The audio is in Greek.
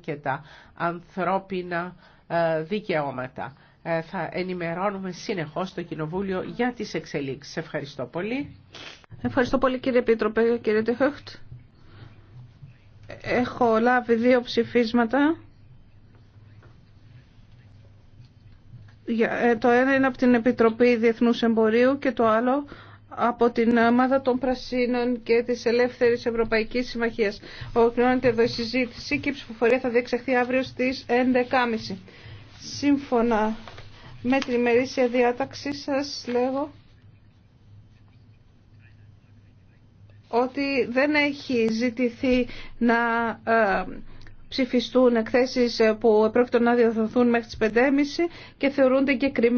και τα ανθρώπινα ε, δικαιώματα. Ε, θα ενημερώνουμε συνεχώς το Κοινοβούλιο για τις εξελίξεις. Ευχαριστώ πολύ. Ευχαριστώ πολύ κύριε Επίτροπε, κύριε Τεχόχτ. Έχω λάβει δύο ψηφίσματα. Ε, το ένα είναι από την Επιτροπή Διεθνούς Εμπορίου και το άλλο από την ομάδα των Πρασίνων και της Ελεύθερης Ευρωπαϊκής Συμμαχίας. Ολοκληρώνεται εδώ η συζήτηση και η ψηφοφορία θα διεξαχθεί αύριο στις 11.30. Σύμφωνα με την ημερήσια διάταξη σας λέγω ότι δεν έχει ζητηθεί να ε, ψηφιστούν εκθέσεις που πρόκειται να διαδοθούν μέχρι τις 5.30 και θεωρούνται εγκεκριμένες.